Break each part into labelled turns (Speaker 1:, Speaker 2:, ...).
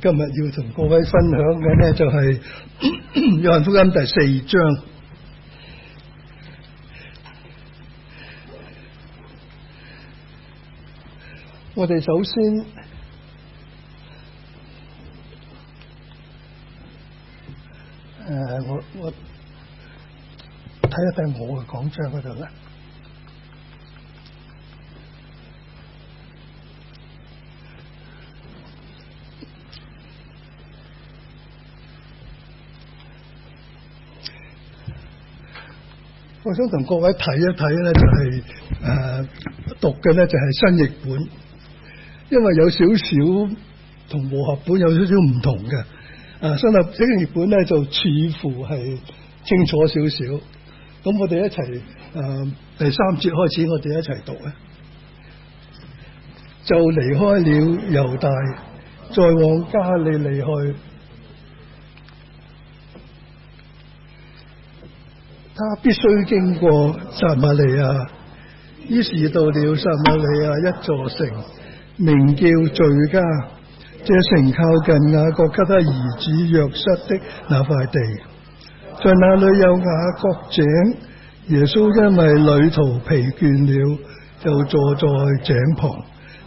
Speaker 1: 今日要同各位分享嘅咧，就是，就係《約翰福音》第四章。我哋首先，誒，我看看我睇一睇我嘅講章度咧。我想同各位睇一睇咧，就係、是、誒、呃、讀嘅咧就係、是、新譯本，因為有少少同和合本有少少唔同嘅。誒、啊，新譯呢個譯本咧就似乎係清楚少少。咁我哋一齊誒、呃、第三節開始，我哋一齊讀啊！就離開了猶大，再往加利利去。他必須經過撒瑪利亞，於是到了撒瑪利亞一座城，名叫敘加，這城靠近雅各給他兒子約瑟的那塊地，在那裏有雅各井。耶穌因為旅途疲倦了，就坐在井旁。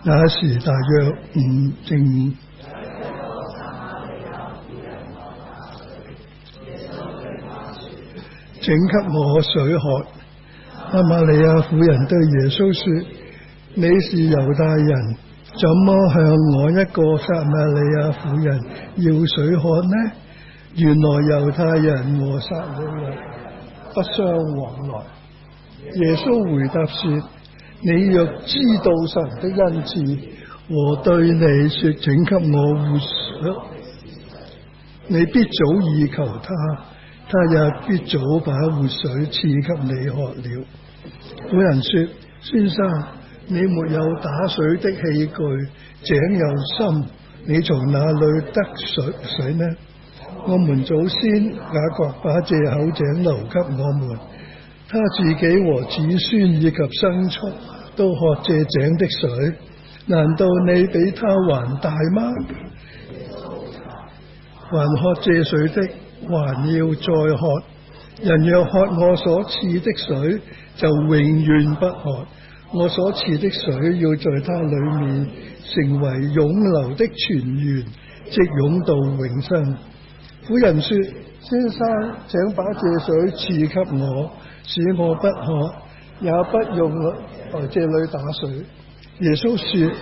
Speaker 1: 那時大約五正午。請給我水喝。撒瑪利亞婦人對耶穌說：你是猶太人，怎麼向我一個撒瑪利亞婦人要水喝呢？原來猶太人和撒瑪利亞人不相往來。耶穌回答說：你若知道神的恩賜和對你說請給我活水，你必早已求他。他也必早把活水賜給你喝了。古人說：先生，你沒有打水的器具，井又深，你從哪裏得水？水呢？我們祖先雅各把借口井留給我們，他自己和子孫以及牲畜都喝這井的水。難道你比他還大嗎？還喝這水的？還要再喝。人若喝我所賜的水，就永遠不渴。我所賜的水要在他裏面成為湧流的泉源，即湧到永生。婦人說：先生，請把這水賜給我，使我不渴，也不用來這裏打水。耶穌說：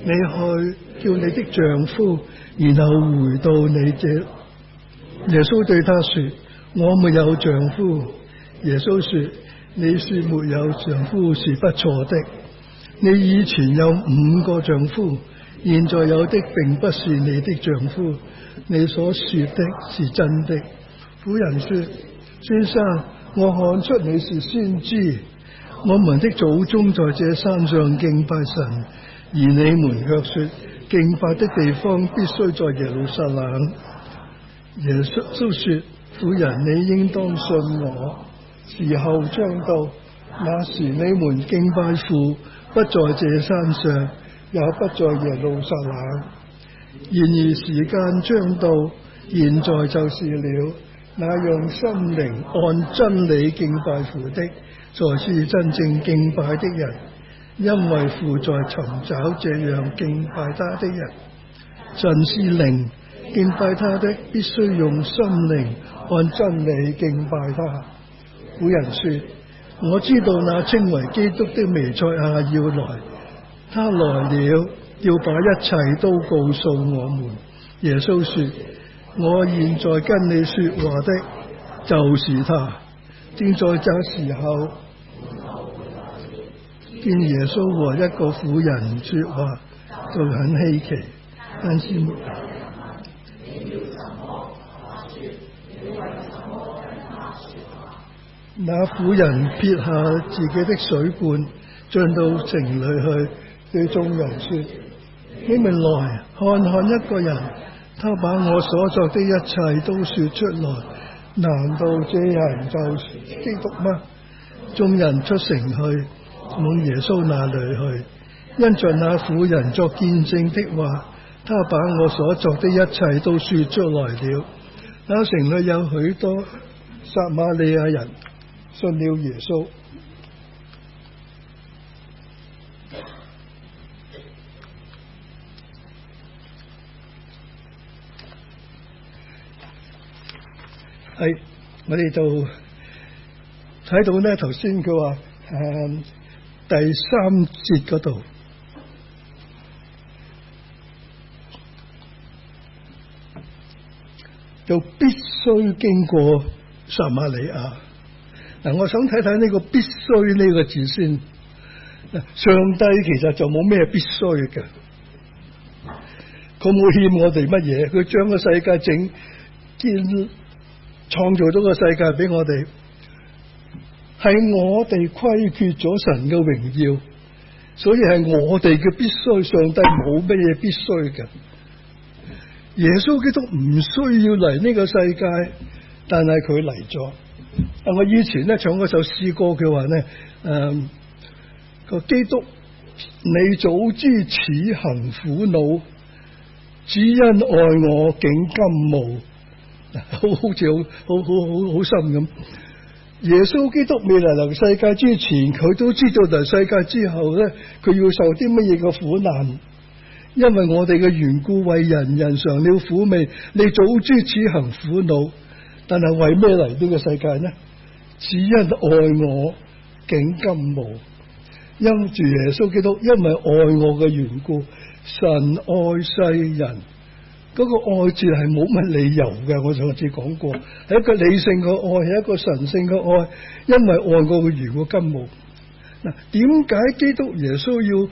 Speaker 1: 你去叫你的丈夫，然後回到你這。耶穌對他說：我沒有丈夫。耶穌說：你說沒有丈夫是不錯的。你以前有五個丈夫，現在有的並不是你的丈夫。你所說的是真的。婦人說：先生，我看出你是先知。我們的祖宗在這山上敬拜神，而你們卻說敬拜的地方必須在耶路撒冷。耶穌說：婦人，你應當信我，時候將到，那時你們敬拜父，不在這山上，也不在耶路撒冷。然而時間將到，現在就是了。那用心靈按真理敬拜父的，才是真正敬拜的人，因為父在尋找這樣敬拜他的人。盡是靈。敬拜他的，必須用心靈按真理敬拜他。古人說：我知道那稱為基督的彌賽亞要來，他來了要，要把一切都告訴我們。耶穌說：我現在跟你說話的，就是他。正在這時候見耶穌和一個婦人說話，就很稀奇，但是。那婦人撇下自己的水罐，進到城裏去對眾人說：你們來看看一個人，他把我所作的一切都說出來。難道這人就是基督嗎？眾人出城去往耶穌那裏去，因着那婦人作見證的話，他把我所作的一切都說出來了。那城裏有許多撒馬利亞人。信了耶穌，係我哋就睇到咧。頭先佢話，誒、嗯，第三節嗰度就必須經過撒瑪利亞。嗱，我想睇睇呢個必須呢個字先。上帝其實就冇咩必須嘅，佢冇欠我哋乜嘢，佢將個世界整建、創造咗個世界俾我哋，係我哋虧缺咗神嘅榮耀，所以係我哋嘅必須。上帝冇咩嘢必須嘅，耶穌基督唔需要嚟呢個世界，但係佢嚟咗。我以前咧唱嗰首詩歌嘅話咧，誒，個基督，你早知此行苦惱，只因愛我竟甘無。好，好好似好好好好好深咁。耶穌基督未嚟臨世界之前，佢都知道嚟世界之後咧，佢要受啲乜嘢嘅苦難，因為我哋嘅緣故，為人人嘗了苦味。你早知此行苦惱。但係為咩嚟呢個世界呢？只因愛我，竟金毛。因住耶穌基督，因為愛我嘅緣故，神愛世人。嗰、那個愛字係冇乜理由嘅，我上次講過，係一個理性嘅愛，係一個神聖嘅愛。因為愛我嘅緣故，金毛。嗱，點解基督耶穌要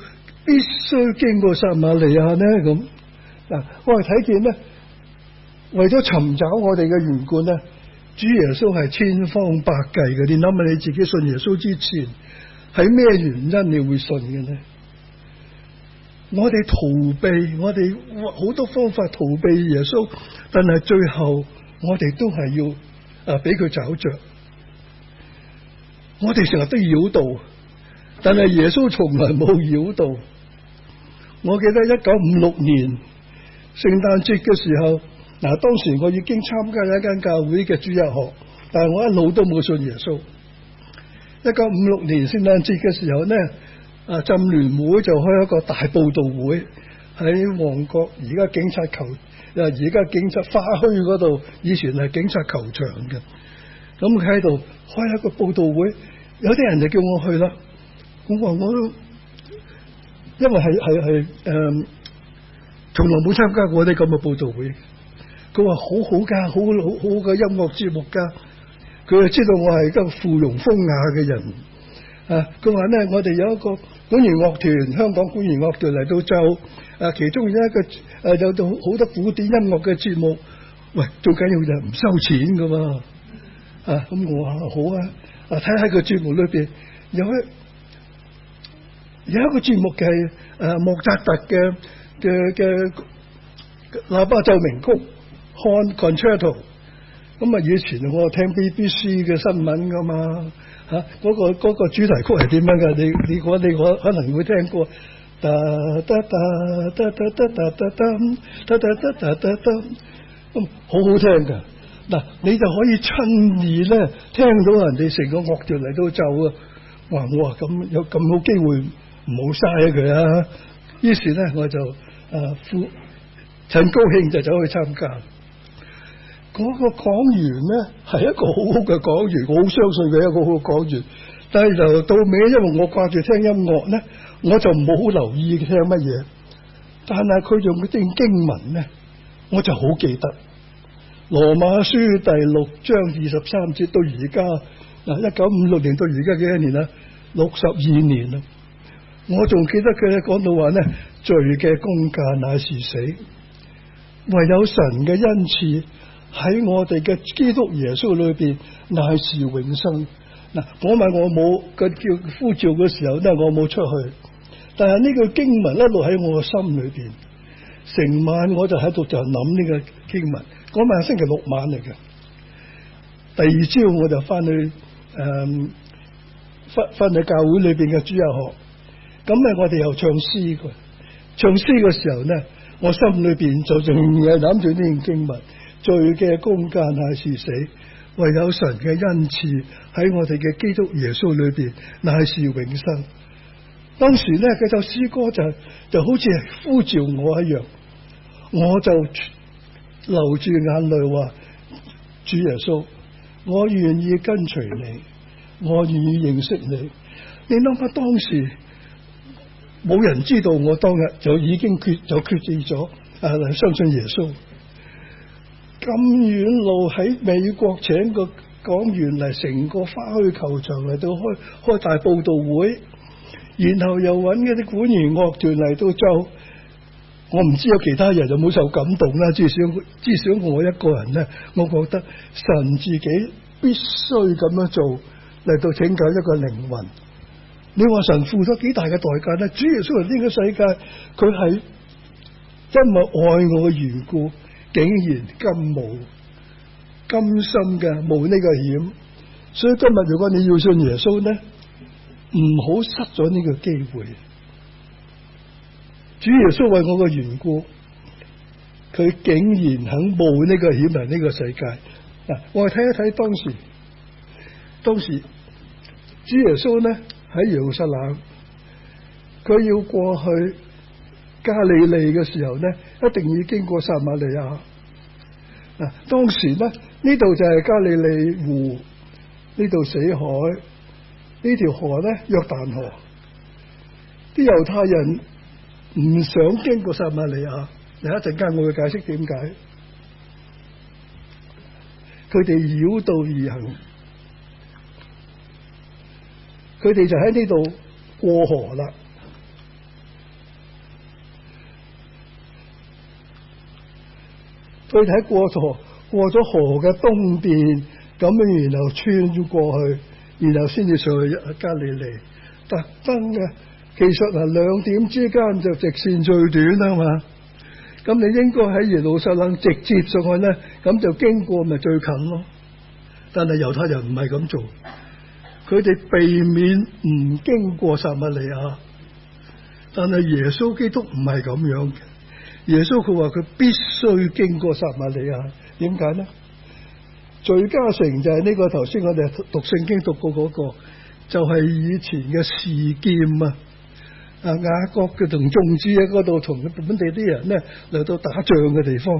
Speaker 1: 必須經過撒瑪利亞呢？咁嗱，我係睇見呢。為咗尋找我哋嘅緣故咧，主耶穌係千方百計嘅。你諗下，你自己信耶穌之前係咩原因你會信嘅咧？我哋逃避，我哋好多方法逃避耶穌，但係最後我哋都係要誒俾佢找着。我哋成日都繞道，但係耶穌從來冇繞道。我記得一九五六年聖誕節嘅時候。嗱，當時我已經參加咗一間教會嘅主日學，但係我一路都冇信耶穌。一九五六年聖誕節嘅時候咧，啊浸聯會就開一個大佈道會，喺旺角，而家警察球，啊而家警察花墟嗰度，以前係警察球場嘅。咁佢喺度開一個佈道會，有啲人就叫我去啦。我話我都，因為係係係誒從來冇參加過啲咁嘅佈道會。佢話好好噶，好好好好嘅音樂節目噶。佢就知道我係一個附庸風雅嘅人，啊！佢話咧，我哋有一個管弦樂團，香港管弦樂團嚟到就，啊，其中有一個誒、啊、有到好多古典音樂嘅節目。喂，最緊要就唔收錢噶嘛，啊！咁、嗯、我話好啊，啊，睇下個節目裏邊有一有一個節目係、就、誒、是啊、莫扎特嘅嘅嘅喇叭奏鳴曲。看 contractor 咁啊！以前我聽 BBC 嘅新聞㗎嘛嚇，嗰個主題曲係點樣㗎？你你你我可能會聽過，得得得得得得得」，噠噠噠噠噠噠噠咁好好聽㗎。嗱，你就可以親耳咧聽到人哋成個樂團嚟到奏啊！話我話，咁有咁好機會，唔好嘥咗佢啊！於是咧，我就啊趁高興就走去參加。嗰個講員咧係一個好好嘅講員，我好相信佢一個好嘅講員。但係就到尾，因為我掛住聽音樂咧，我就冇好留意聽乜嘢。但係佢用嗰啲經文咧，我就好記得《羅馬書》第六章二十三節到而家嗱，一九五六年到而家幾多年啦？六十二年啦。我仲記得佢講到話咧，罪嘅功價乃是死，唯有神嘅恩賜。喺我哋嘅基督耶穌裏邊，乃是永生嗱。晚我冇佢叫呼召嘅時候咧，我冇出去。但係呢個經文一路喺我嘅心裏邊，成晚我就喺度就諗呢個經文。嗰晚係星期六晚嚟嘅，第二朝我就翻去誒，翻翻去教會裏邊嘅主日學。咁咪我哋又唱詩嘅，唱詩嘅時候咧，我心裏邊就仲係諗住呢件經文。罪嘅工價乃是死，唯有神嘅恩賜喺我哋嘅基督耶穌裏邊，乃是永生。當時咧，嗰首詩歌就就好似係呼召我一樣，我就流住眼淚話：主耶穌，我願意跟隨你，我願意認識你。你諗下，當時冇人知道，我當日就已經決就決定咗誒、啊，相信耶穌。咁遠路喺美國請個講員嚟，成個花墟球場嚟到開開大報道會，然後又搵嗰啲管弦樂團嚟到做，我唔知有其他人有冇受感動啦。至少至少我一個人呢，我覺得神自己必須咁樣做嚟到拯救一個靈魂。你話神付出幾大嘅代價呢？主要出嚟呢個世界，佢係因為愛我嘅緣故。竟然甘冒甘心嘅冒呢個險，所以今日如果你要信耶穌咧，唔好失咗呢個機會。主耶穌為我嘅緣故，佢竟然肯冒呢個險啊，呢個世界。嗱，我哋睇一睇當時，當時主耶穌咧喺耶路撒冷，佢要過去。加利利嘅時候呢，一定要經過撒馬利亞。嗱，當時呢，呢度就係加利利湖，呢度死海，呢條河呢，約旦河。啲猶太人唔想經過撒馬利亞，有一陣間我會解釋點解。佢哋繞道而行，佢哋就喺呢度過河啦。佢睇過河，過咗河嘅東邊，咁樣然後穿咗過去，然後先至上去加利利，特登嘅。其實啊兩點之間就直綫最短啦嘛。咁你應該喺耶路撒冷直接上去咧，咁就經過咪最近咯。但係猶太人唔係咁做，佢哋避免唔經過撒瑪利亞。但係耶穌基督唔係咁樣嘅。耶穌佢話佢必須經過撒瑪利亞，點解呢？最加城就係呢個頭先我哋讀聖經讀過嗰，那個，就係，是，以前嘅示劍啊，啊雅各佢同眾子喺嗰度同本地啲人呢，嚟到打仗嘅地方，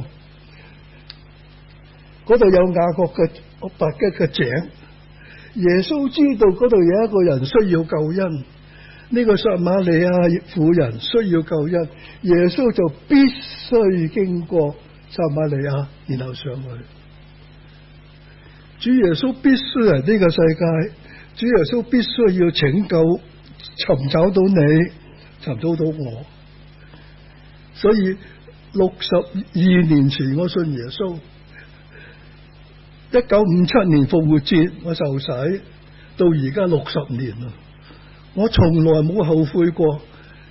Speaker 1: 嗰度有雅各嘅個白吉嘅井，耶穌知道嗰度有一個人需要救恩。呢個撒瑪利亞婦人需要救恩，耶穌就必須經過撒瑪利亞，然後上去。主耶穌必須係呢個世界，主耶穌必須要拯救，尋找到你，尋找到我。所以六十二年前我信耶穌，一九五七年復活節我受洗，到而家六十年啦。我從來冇後悔過，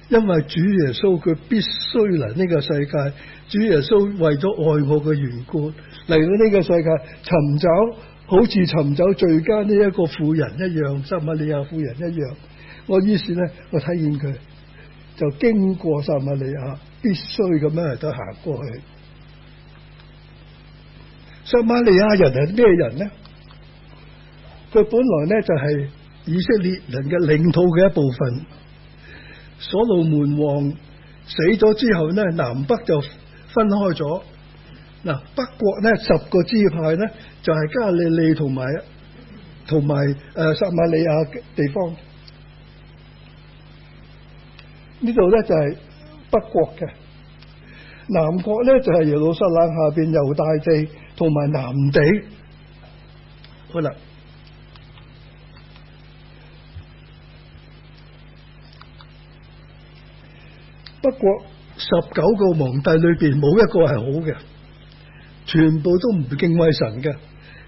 Speaker 1: 因為主耶穌佢必須嚟呢個世界。主耶穌為咗愛我嘅緣故嚟到呢個世界，尋找好似尋找最佳呢一個婦人一樣，薩馬利亞婦人一樣。我於是咧，我睇見佢就經過薩馬利亞，必須咁樣嚟到行過去。薩馬利亞人係咩人呢？佢本來咧就係、是。以色列人嘅領土嘅一部分，所羅門王死咗之後呢，南北就分開咗。嗱，北國呢，十個支派呢，就係加利利同埋同埋誒撒瑪利亞地方，呢度咧就係北國嘅。南國咧就係耶路撒冷下邊猶大地同埋南地。好啦。不過十九個皇帝裏邊冇一個係好嘅，全部都唔敬畏神嘅，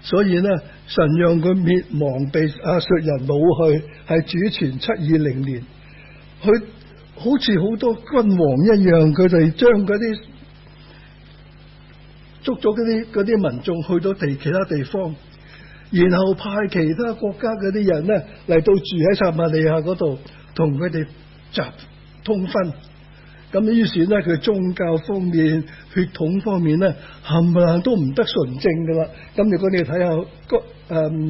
Speaker 1: 所以咧神讓佢滅亡，被亞述人擄去，係主前七二零年。佢好似好多君王一樣，佢哋將啲捉咗啲啲民眾去到地其他地方，然後派其他國家啲人咧嚟到住喺撒馬利亞度，同佢哋集通婚。咁於是咧，佢宗教方面、血統方面咧，冚唪唥都唔得純正噶啦。咁如果你睇下《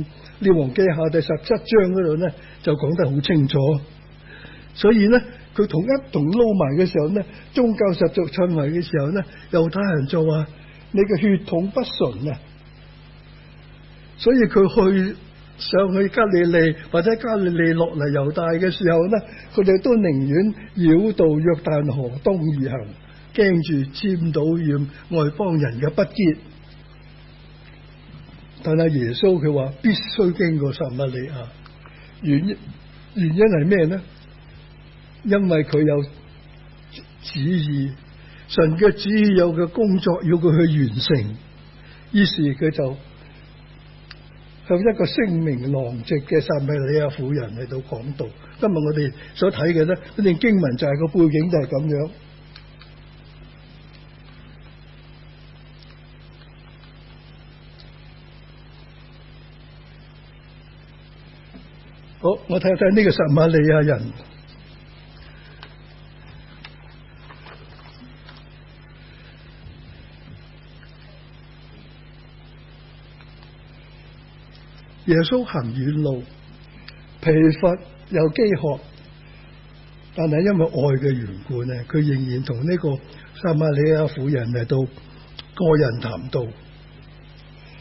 Speaker 1: 誒列王記》下第十七章嗰度咧，就講得好清楚。所以咧，佢同一同撈埋嘅時候咧，宗教實在襯埋嘅時候咧，猶太人就話你嘅血統不純啊。所以佢去。上去加利利或者加利利落嚟猶大嘅時候咧，佢哋都寧願繞道約旦河東而行，驚住沾到染外邦人嘅不潔。但係耶穌佢話必須經過撒瑪利亞，原因原因係咩咧？因為佢有旨意，神嘅旨意有嘅工作要佢去完成，於是佢就。有一個聲名狼藉嘅撒瑪利亞婦人嚟到講道。今日我哋所睇嘅咧，呢段經文就係個背景就係咁樣。好，我睇一睇呢個撒瑪利亞人。耶穌行遠路，疲乏又飢渴，但係因為愛嘅緣故咧，佢仍然同呢個撒瑪利亞婦人嚟到個人談道。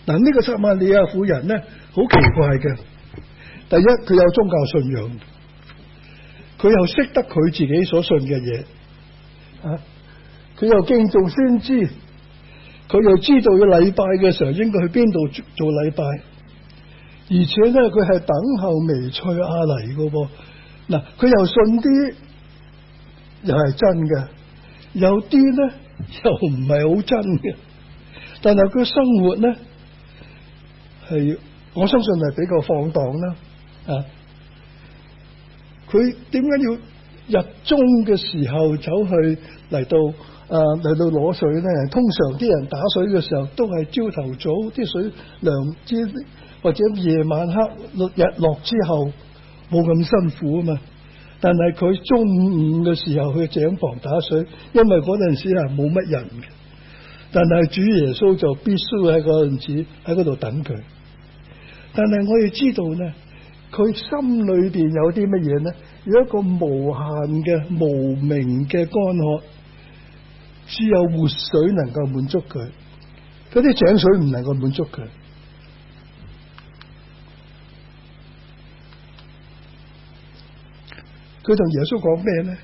Speaker 1: 嗱，呢個撒瑪利亞婦人咧，好奇怪嘅。第一，佢有宗教信仰，佢又識得佢自己所信嘅嘢，啊，佢又敬重先知，佢又知道要禮拜嘅時候應該去邊度做禮拜。而且咧，佢係等候彌賽亞嚟，噶噃。嗱，佢又信啲，又係真嘅；有啲咧，又唔係好真嘅。但係佢生活咧，係我相信係比較放蕩啦。啊，佢點解要日中嘅時候走去嚟到，啊，嚟到攞水咧？通常啲人打水嘅時候都係朝頭早，啲水涼啲。或者夜晚黑日落之後冇咁辛苦啊嘛，但係佢中午嘅時候去井旁打水，因為嗰陣時係冇乜人嘅，但係主耶穌就必須喺嗰陣時喺嗰度等佢。但係我哋知道咧，佢心裏邊有啲乜嘢咧？有一個無限嘅無名嘅乾渴，只有活水能夠滿足佢，嗰啲井水唔能夠滿足佢。佢同耶穌講咩咧？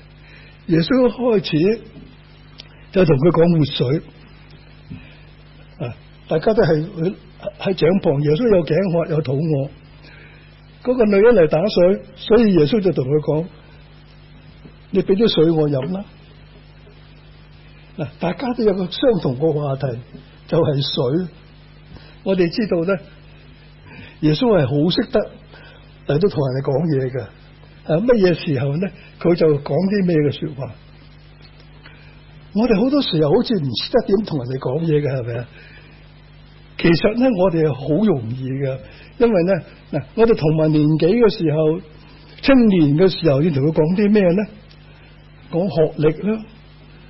Speaker 1: 耶穌開始就同佢講活水啊！大家都係喺井旁，耶穌有頸渴，有肚餓。嗰個女人嚟打水，所以耶穌就同佢講：你俾啲水我飲啦！嗱，大家都有個相同個話題，就係水。我哋知道咧，耶穌係好識得嚟，都同人哋講嘢嘅。誒，乜嘢、啊、時候咧，佢就講啲咩嘅說什麼話？我哋好多時候好似唔識得點同人哋講嘢嘅，係咪啊？其實咧，我哋係好容易嘅，因為咧嗱，我哋同埋年紀嘅時候，青年嘅時候要同佢講啲咩咧？講學歷啦，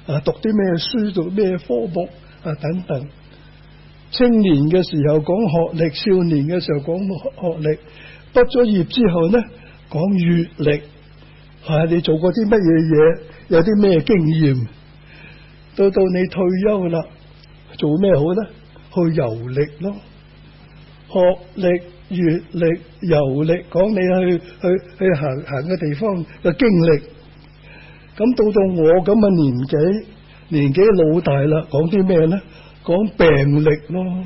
Speaker 1: 誒、啊，讀啲咩書，讀咩科目啊等等。青年嘅時候講學歷，少年嘅時候講學歷，畢咗業之後咧。講閱歷，係你做過啲乜嘢嘢，有啲咩經驗。到到你退休啦，做咩好咧？去遊歷咯，學歷、閱歷、遊歷，講你去去去行行嘅地方嘅經歷。咁到到我咁嘅年紀，年紀老大啦，講啲咩咧？講病歷咯。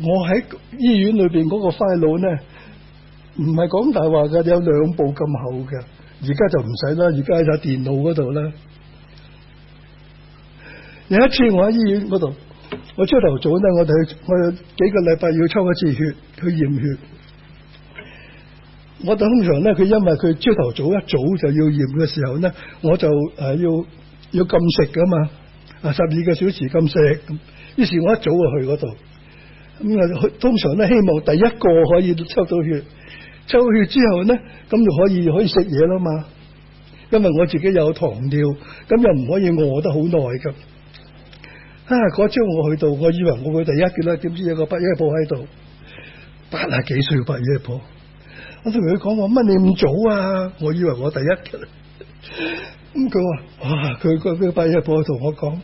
Speaker 1: 我喺醫院裏邊嗰個 file 咧，唔係講大話嘅，有兩部咁厚嘅。而家就唔使啦，而家喺台電腦嗰度啦。有一次我喺醫院嗰度，我朝頭早咧，我哋我有幾個禮拜要抽一次血去驗血。我通常咧，佢因為佢朝頭早，上早上一早就要驗嘅時候咧，我就誒要要禁食噶嘛，啊十二個小時禁食。咁於是我一早就去嗰度。咁通常都希望第一個可以抽到血，抽到血之後咧，咁就可以可以食嘢啦嘛。因為我自己有糖尿，咁又唔可以餓得好耐噶。啊，嗰朝我去到，我以為我會第一嘅啦，點知有個八一婆喺度，八啊幾歲嘅八一婆。我同佢講：話乜你咁早啊？我以為我第一嘅。咁佢話：哇，佢佢佢八一婆同我講，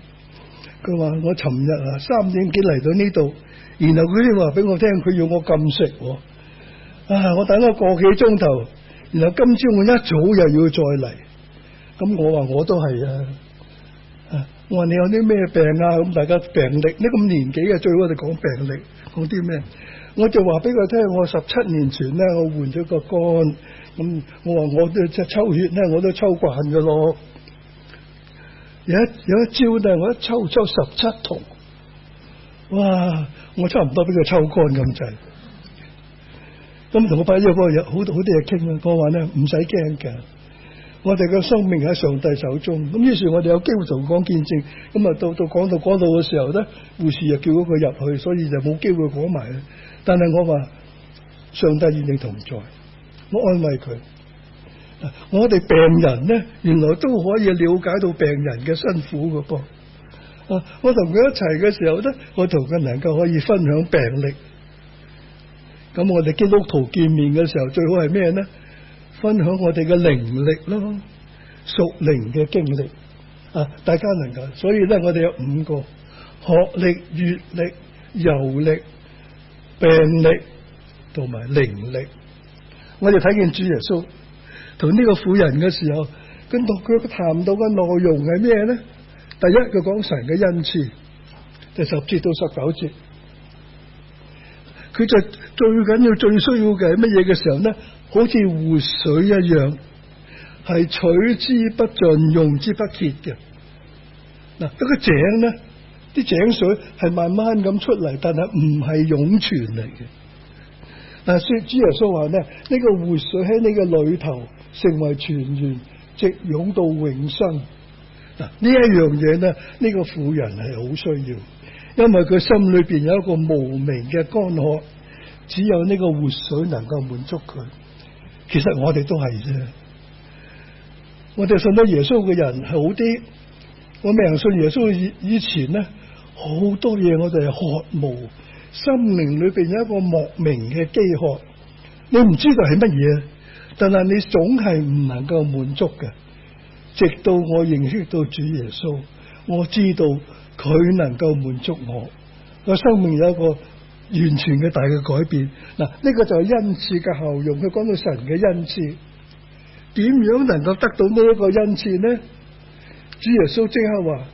Speaker 1: 佢話我尋日啊三點幾嚟到呢度。然後佢哋話俾我聽，佢要我禁食我。啊，我等咗個幾鐘頭，然後今朝我一早又要再嚟。咁我話我都係啊，我話你有啲咩病啊？咁大家病歷呢？咁年紀嘅、啊、最好哋講病歷，講啲咩？我就話俾佢聽，我十七年前咧，我換咗個肝。咁我話我都即抽血咧，我都抽慣噶咯。有一有一朝咧，我一抽抽十七桶，哇！我差唔多俾佢抽乾咁滯，咁同我朋友嗰日好多好多嘢傾啦。我話咧，唔使驚㗎，我哋嘅生命喺上帝手中。咁於是，我哋有機會同佢講見證。咁啊，到到講到講到嘅時候咧，護士又叫咗佢入去，所以就冇機會講埋啦。但係我話，上帝與你同在，我安慰佢。我哋病人咧，原來都可以了解到病人嘅辛苦㗎噃。我同佢一齊嘅時候咧，我同佢能夠可以分享病歷。咁我哋基督徒見面嘅時候，最好係咩咧？分享我哋嘅靈力咯，屬靈嘅經歷啊！大家能夠，所以咧，我哋有五個：學歷、閱歷、遊歷、病歷同埋靈力。我哋睇見主耶穌同呢個婦人嘅時候，跟同佢談到嘅內容係咩咧？第一，佢講神嘅恩賜，第十節到十九節，佢就最緊要、最需要嘅係乜嘢嘅時候咧，好似湖水一樣，係取之不盡、用之不竭嘅。嗱，一個井咧，啲、那個、井水係慢慢咁出嚟，但係唔係湧泉嚟嘅。嗱，所以主耶穌話咧，呢、這個湖水喺你個裏頭成為泉源，即湧到永生。嗱呢一樣嘢咧，呢、這個婦人，係好需要，因為佢心裏邊有一個莫名嘅乾渴，只有呢個活水能夠滿足佢。其實我哋都係啫，我哋信得耶穌嘅人係好啲。我明明信耶穌以以前咧，好多嘢我哋係渴慕，心靈裏邊有一個莫名嘅飢渴，你唔知道係乜嘢，但係你總係唔能夠滿足嘅。直到我認識到主耶穌，我知道佢能夠滿足我，我生命有一個完全嘅大嘅改變。嗱，呢個就係恩賜嘅效用。佢講到神嘅恩賜，點樣能夠得到呢一個恩賜呢？主耶穌即刻話：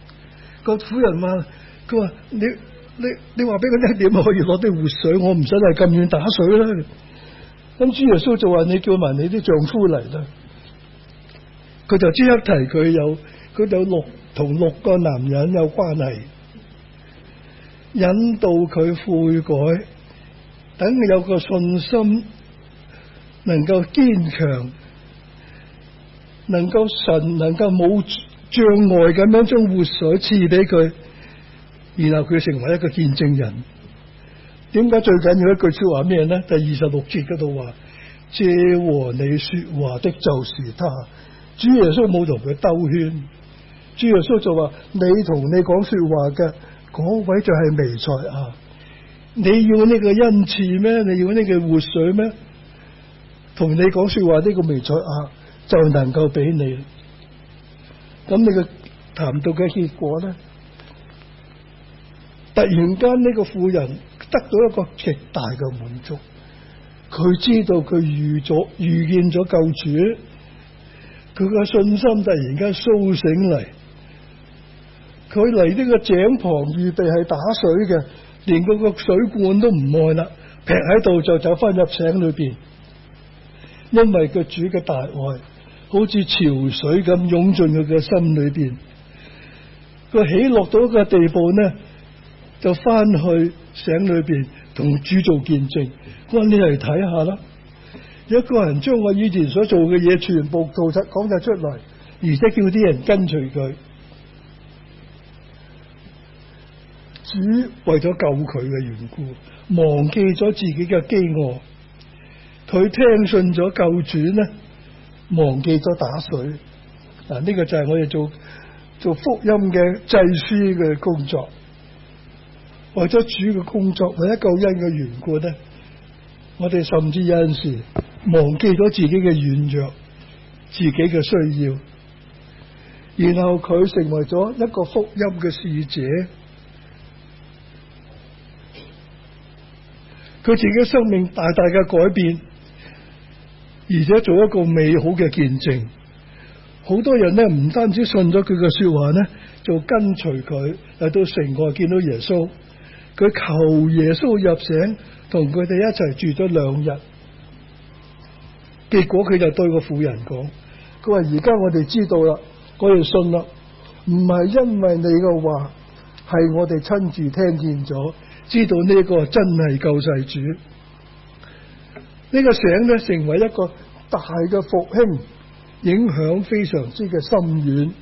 Speaker 1: 個婦人話，佢話你你你話俾佢聽點可以攞啲活水，我唔使嚟咁遠打水啦。咁主耶穌就話：你叫埋你啲丈夫嚟啦。佢就即刻提佢有佢有六同六個男人有關係，引導佢悔改，等佢有個信心，能夠堅強，能夠神能夠冇障礙咁樣將活水賜俾佢，然後佢成為一個見證人。點解最緊要一句說話咩咧？第二十六節嗰度話：借和你說話的就是他。主耶穌冇同佢兜圈，主耶穌就話：你同你講說話嘅嗰位就係彌賽亞，你要呢個恩賜咩？你要呢個活水咩？同你講說話呢個彌賽亞就能夠俾你。咁你嘅談到嘅結果咧，突然間呢個婦人得到一個極大嘅滿足，佢知道佢遇咗遇見咗救主。佢個信心突然間蘇醒嚟，佢嚟呢個井旁預備係打水嘅，連嗰個水罐都唔愛啦，劈喺度就走翻入城裡邊，因為佢主嘅大愛好似潮水咁湧進佢嘅心裡邊，佢喜樂到一個地步呢，就翻去城裡邊同主做見證。我話你嚟睇下啦。一個人將我以前所做嘅嘢全部道實講晒出來，而且叫啲人跟隨佢。主為咗救佢嘅緣故，忘記咗自己嘅飢餓。佢聽信咗救主咧，忘記咗打水。嗱、啊、呢、這個就係我哋做做福音嘅祭司嘅工作，為咗主嘅工作，為咗救恩嘅緣故咧，我哋甚至有陣時。忘記咗自己嘅軟弱，自己嘅需要，然後佢成為咗一個福音嘅使者，佢自己生命大大嘅改變，而且做一個美好嘅見證。好多人咧，唔單止信咗佢嘅說話咧，就跟隨佢，嚟到城外見到耶穌，佢求耶穌入城，同佢哋一齊住咗兩日。結果佢就對個婦人講，佢話而家我哋知道啦，我哋信啦，唔係因為你嘅話，係我哋親自聽見咗，知道呢個真係救世主。呢、這個醒咧成為一個大嘅復興，影響非常之嘅深遠。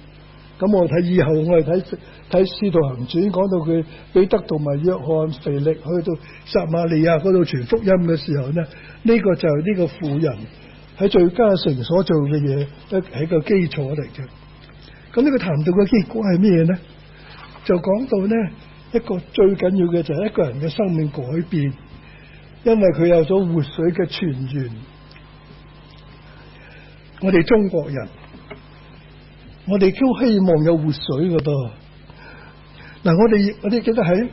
Speaker 1: 咁我睇以後我哋睇睇《使徒行傳》他，講到佢彼得同埋約翰腓力去到撒瑪利亞嗰度傳福音嘅時候呢，呢、這個就係呢個婦人。喺最佳城所做嘅嘢，都係一個基礎嚟嘅。咁呢個談到嘅結果係咩咧？就講到咧一個最緊要嘅就係一個人嘅生命改變，因為佢有咗活水嘅泉源。我哋中國人，我哋都希望有活水嘅噃。嗱，我哋我哋記得喺。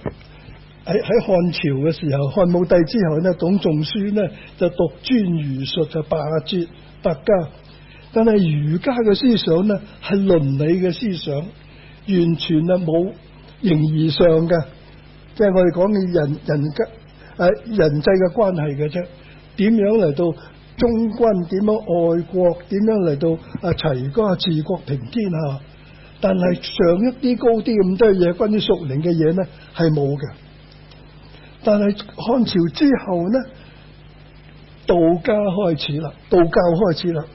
Speaker 1: 喺喺漢朝嘅時候，漢武帝之後咧，董仲舒呢，就獨尊儒術，就罷黜百家。但係儒家嘅思想呢，係倫理嘅思想，完全啊冇形而上嘅，即、就、係、是、我哋講嘅人人格誒、啊、人際嘅關係嘅啫。點樣嚟到忠君？點樣愛國？點樣嚟到啊齊家治國平天下？但係上一啲高啲咁多嘢，關於屬靈嘅嘢呢，係冇嘅。但係漢朝之後呢，道家開始啦，道教開始啦，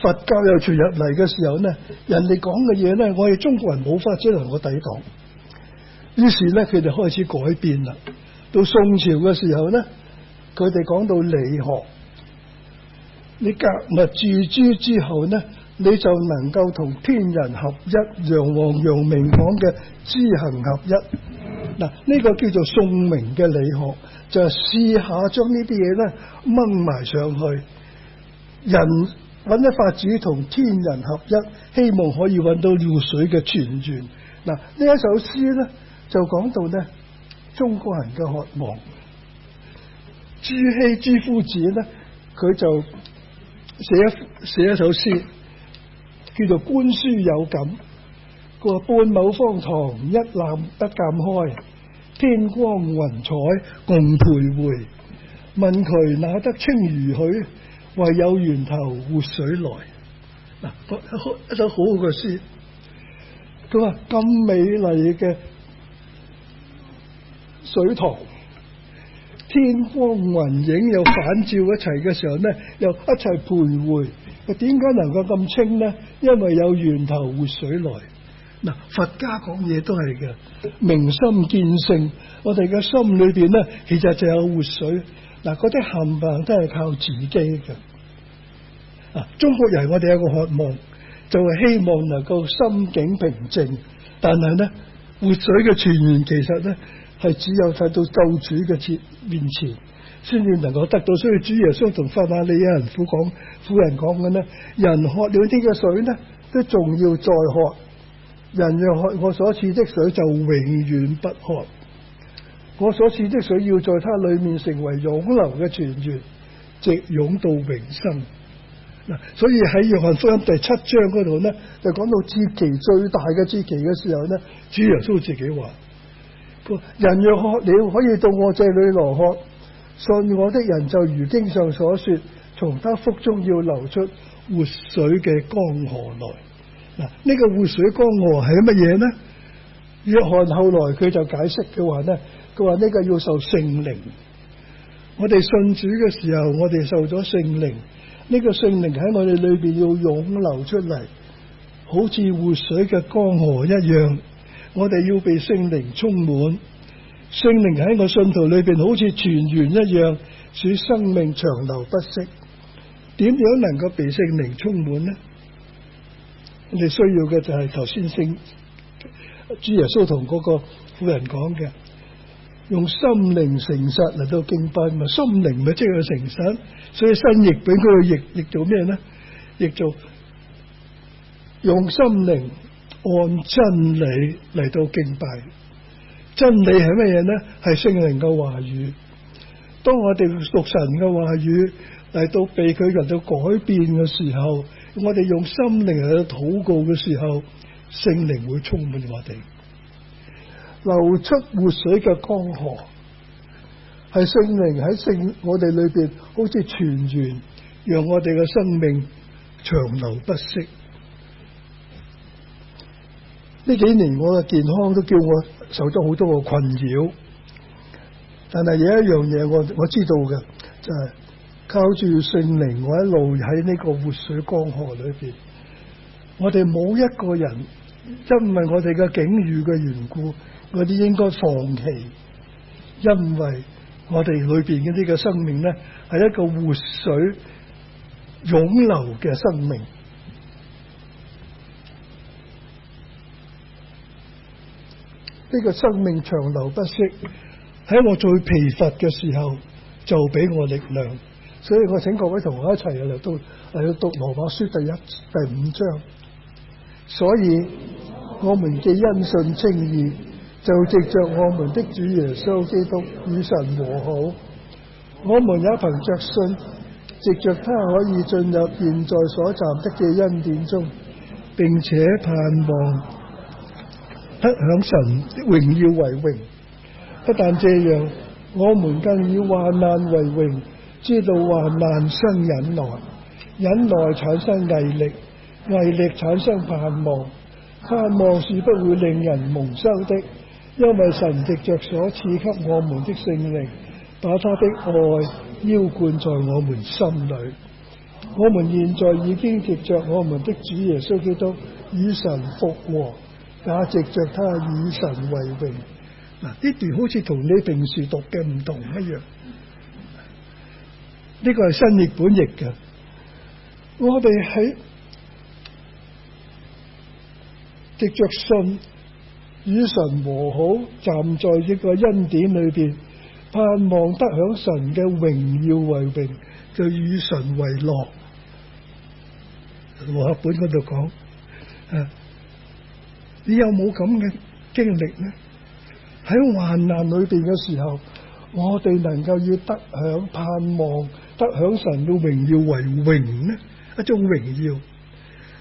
Speaker 1: 佛教又傳入嚟嘅時候呢，人哋講嘅嘢呢，我哋中國人冇法子能夠抵擋，於是呢，佢哋開始改變啦。到宋朝嘅時候呢，佢哋講到理學，你格物致知之後呢，你就能夠同天人合一，陽王陽明講嘅知行合一。嗱，呢個叫做宋明嘅理學，就係、是、試下將呢啲嘢咧掹埋上去，人揾咗法子同天人合一，希望可以揾到露水嘅泉源。嗱，呢一首詩咧就講到咧中國人嘅渴望，朱熹朱夫子咧佢就寫一寫一首詩，叫做《觀書有感》。佢話：半畝方塘一覽得鑑開，天光雲彩共徘徊。問渠哪得清如許？為有源頭活水來。嗱，一首好好嘅詩。佢話咁美麗嘅水塘，天光雲影又反照一齊嘅時候咧，又一齊徘徊。佢點解能夠咁清咧？因為有源頭活水來。佛家講嘢都係嘅，明心見性。我哋嘅心裏邊咧，其實就有活水。嗱，嗰啲冚唪唥都係靠自己嘅。嗱，中國人我哋有一個渴望，就係希望能夠心境平靜。但係咧，活水嘅泉源其實咧係只有睇到救主嘅面前，先至能夠得到。所以，主耶穌同法馬利亞人講：婦人講緊呢人喝了啲嘅水咧，都仲要再喝。人若喝我所賜的水就永遠不渴，我所賜的水要在他裏面成為湧流嘅泉源，直湧到永生。嗱，所以喺約翰福音第七章度咧，就講到節期最大嘅節期嘅時候咧，主耶穌自己話：人若渴你可以到我這裏來喝。信我的人就如經上所說，從他腹中要流出活水嘅江河來。嗱，呢個活水江河係乜嘢呢？約翰後來佢就解釋嘅話呢，佢話呢個要受聖靈。我哋信主嘅時候，我哋受咗聖靈，呢個聖靈喺我哋裏邊要湧流出嚟，好似活水嘅江河一樣。我哋要被聖靈充滿，聖靈喺我信徒裏邊好似泉源一樣，使生命長流不息。點樣能夠被聖靈充滿呢？你需要嘅就係頭先聖主耶穌同嗰個婦人講嘅，用心靈誠實嚟到敬拜，咪心靈咪即係誠實，所以新譯本俾佢譯，譯做咩咧？譯做用心靈按真理嚟到敬拜，真理係咩嘢咧？係聖靈嘅話語。當我哋讀神嘅話語嚟到被佢人到改變嘅時候。我哋用心靈去禱告嘅時候，聖靈會充滿我哋，流出活水嘅江河，係聖靈喺聖我哋裏邊，好似泉源，讓我哋嘅生命長流不息。呢幾年我嘅健康都叫我受咗好多嘅困擾，但係有一樣嘢我我知道嘅，就係、是。靠住聖靈，我一路喺呢個活水江河裏邊。我哋冇一個人，因為我哋嘅境遇嘅緣故，我哋應該放棄。因為我哋裏邊嘅呢個生命咧，係一個活水湧流嘅生命。呢個生命長流不息，喺我最疲乏嘅時候，就俾我力量。所以我請各位同學一齊嚟到嚟讀羅馬書第一第五章。所以，我們嘅因信稱義，就藉着我們的主耶穌基督與神和好。我們一份着信，藉着祂可以進入現在所站的嘅恩典中，並且盼望不響神的榮耀為榮。不但這樣，我們更以患難為榮。知道患難生忍耐，忍耐產生毅力，毅力產生盼望。盼望是不會令人蒙羞的，因為神藉著所賜給我們的聖靈，把他的愛澆灌在我們心裏。我們現在已經藉着我們的主耶穌基督，以神復和，也藉著他以神為榮。嗱，呢段好似同你平時讀嘅唔同一樣。呢個係新譯本譯嘅，我哋喺藉着信與神和好，站在一個恩典裏邊，盼望得享神嘅榮耀為榮，就與神為樂。和合本嗰度講，啊，你有冇咁嘅經歷呢？喺患難裏邊嘅時候，我哋能夠要得享盼望。得享神的榮耀為榮，呢一種榮耀，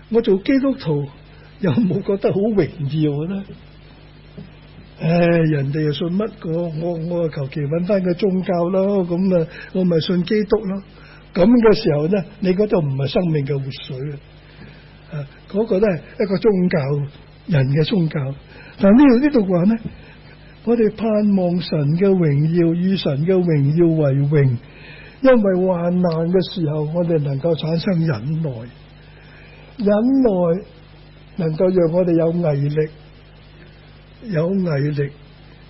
Speaker 1: 我做基督徒有冇覺得好榮耀咧？唉、哎，人哋又信乜個？我我啊求其揾翻個宗教咯，咁啊我咪信基督咯。咁嘅時候咧，你嗰度唔係生命嘅活水啊！嗰、那個都係一個宗教人嘅宗教。但係呢度呢度話咧，我哋盼望神嘅榮耀與神嘅榮耀為榮。因為患難嘅時候，我哋能夠產生忍耐，忍耐能夠讓我哋有毅力，有毅力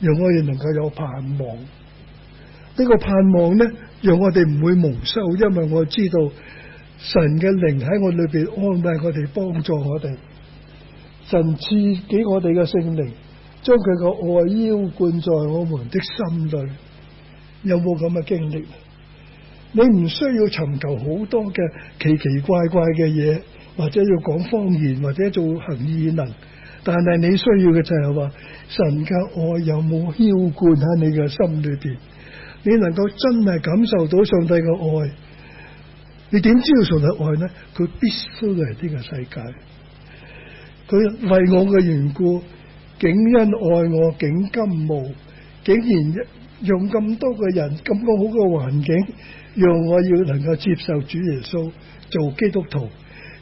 Speaker 1: 讓我哋能夠有盼望。呢、這個盼望呢，讓我哋唔會蒙羞，因為我知道神嘅靈喺我裏邊安慰我哋，幫助我哋。神自己，我哋嘅聖靈，將佢嘅愛澆灌在我們的心裏，有冇咁嘅經歷？你唔需要尋求好多嘅奇奇怪怪嘅嘢，或者要講方言，或者做行異能，但係你需要嘅就係話神嘅愛有冇澆灌喺你嘅心裏邊？你能夠真係感受到上帝嘅愛？你點知道上帝愛呢？佢必須嚟呢個世界，佢為我嘅緣故，竟因愛我，竟甘冒，竟然一。用咁多個人，咁多好嘅環境，讓我要能夠接受主耶穌做基督徒，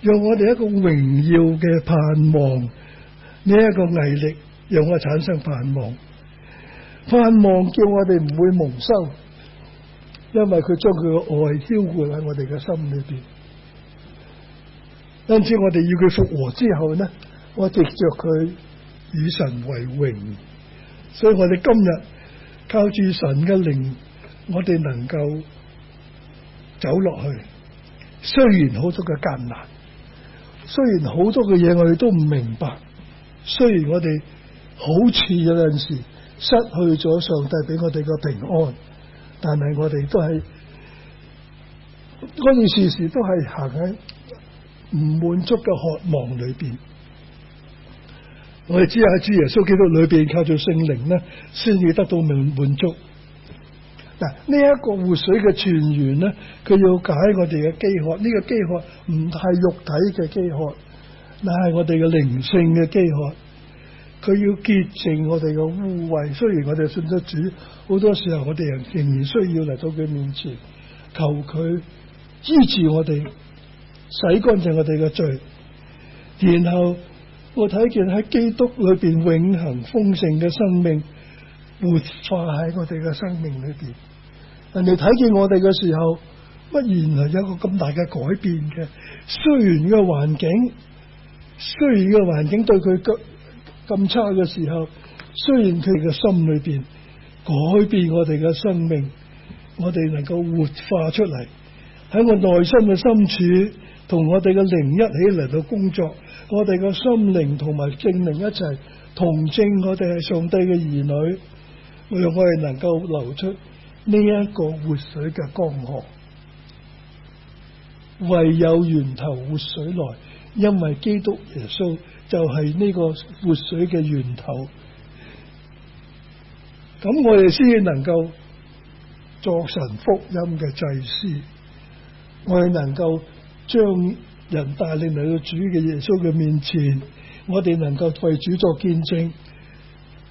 Speaker 1: 讓我哋一個榮耀嘅盼望，呢、這、一個毅力，讓我產生盼望，盼望叫我哋唔會蒙羞，因為佢將佢嘅愛澆灌喺我哋嘅心裏邊，因此我哋要佢復和之後呢，我藉着佢以神為榮，所以我哋今日。靠住神嘅靈我哋能夠走落去。雖然好多嘅艱難，雖然好多嘅嘢，我哋都唔明白，雖然我哋好似有陣時失去咗上帝俾我哋嘅平安，但係我哋都係，我哋時時都係行喺唔滿足嘅渴望裏邊。我哋只有喺主耶穌基督裏邊靠住聖靈咧，先至得到滿滿足。嗱，呢一個活水嘅泉源咧，佢要解我哋嘅飢渴。呢個飢渴唔係肉體嘅飢渴，乃係我哋嘅靈性嘅飢渴。佢要潔淨我哋嘅污穢。雖然我哋信得主，好多時候我哋仍仍然需要嚟到佢面前，求佢支持我哋，洗乾淨我哋嘅罪，然後。我睇見喺基督裏邊永恆豐盛嘅生命活化喺我哋嘅生命裏邊，人哋睇見我哋嘅時候，乜原來有個咁大嘅改變嘅。雖然個環境，雖然個環境對佢咁差嘅時候，雖然佢嘅心裏邊改變我哋嘅生命，我哋能夠活化出嚟喺我內心嘅深處，同我哋嘅靈一起嚟到工作。我哋嘅心靈同埋聖靈一齊同證我哋係上帝嘅兒女，讓我哋能夠流出呢一個活水嘅江河。唯有源頭活水來，因為基督耶穌就係呢個活水嘅源頭。咁我哋先至能夠作神福音嘅祭司，我哋能夠將。人帶領嚟到主嘅耶穌嘅面前，我哋能夠為主作見證，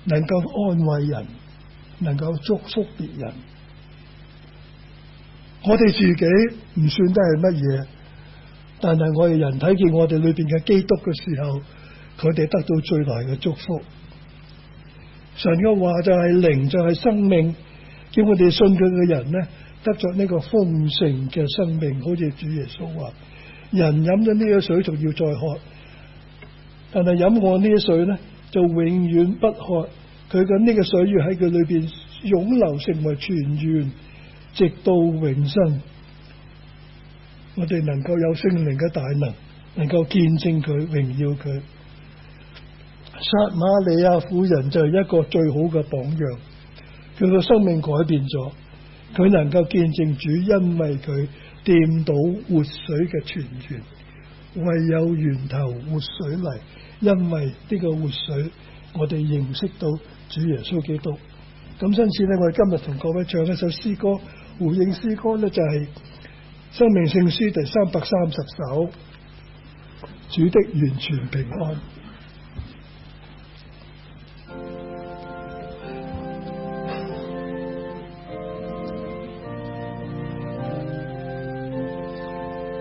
Speaker 1: 能夠安慰人，能夠祝福別人。我哋自己唔算得係乜嘢，但係我哋人睇見我哋裏邊嘅基督嘅時候，佢哋得到最大嘅祝福。神嘅話就係靈，就係生命，叫我哋信佢嘅人咧，得咗呢個豐盛嘅生命，好似主耶穌話。人飲咗呢啲水仲要再渴，但係飲我呢啲水咧，就永遠不渴。佢嘅呢個水要喺佢裏邊湧流成為泉源，直到永生。我哋能夠有聖靈嘅大能，能夠見證佢、榮耀佢。撒瑪利亞婦人就係一個最好嘅榜樣，佢嘅生命改變咗，佢能夠見證主，因為佢。掂到活水嘅泉源，為有源頭活水來，因為呢個活水，我哋認識到主耶穌基督。咁因此咧，我哋今日同各位唱一首詩歌，回應詩歌咧就係《生命聖書》第三百三十首，《主的完全平安》。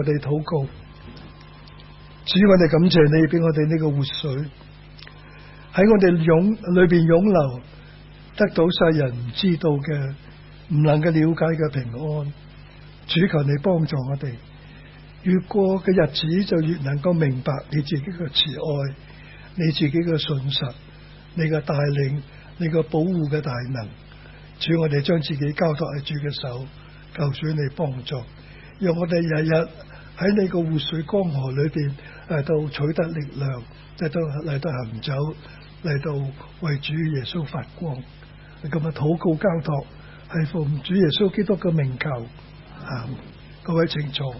Speaker 1: 我哋禱告，主，我哋感謝你俾我哋呢個活水喺我哋湧裏邊湧流，得到世人唔知道嘅、唔能夠了解嘅平安。主，求你幫助我哋，越過嘅日子就越能夠明白你自己嘅慈愛，你自己嘅信實，你嘅帶領，你嘅保護嘅大能。主，我哋將自己交託喺主嘅手，求主你幫助，讓我哋日日。喺你個活水江河裏邊，嚟到取得力量，嚟到嚟到行走，嚟到為主耶穌發光。今日禱告交托，係奉主耶穌基督嘅名求。啊，各位請坐。